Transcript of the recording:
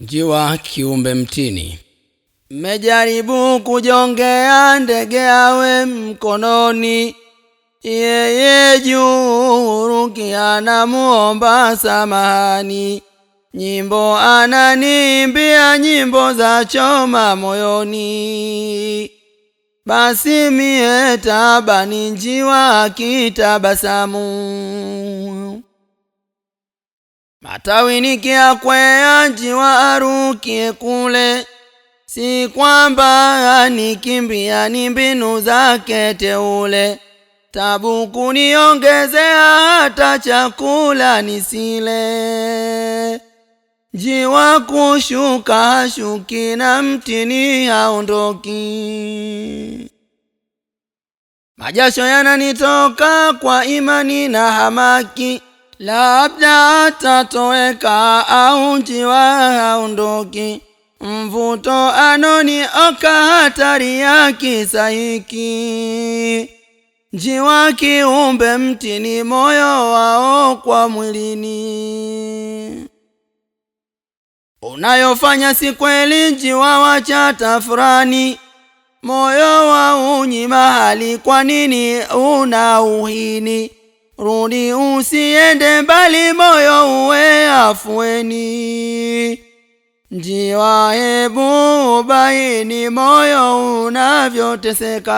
Njiwa kiumbe mtini. mejaribu kujongea ndege awe mkononi, yeye juu rukia na muomba samahani. Nyimbo ananiimbia nyimbo za choma moyoni, basi mie tabani njiwa akitabasamu Matawinikia kweanji wa arukie kule, si kwamba anikimbia, ni mbinu zake teule. Tabu kuniongezea hata chakula nisile. Njiwa kushuka hashuki, na mtini haondoki. Majasho yananitoka kwa imani na hamaki labda tatoweka au njiwa haondoki, mvuto anoni oka hatari ya kisa hiki. Njiwa kiumbe mtini, moyo wao kwa mwilini. Unayofanya si kweli, njiwa wachata furani, moyo wa unyi mahali. Kwa nini una uhini? Rudi usiende mbali, moyo uwe afueni, njiwa hebu ubaini moyo unavyoteseka.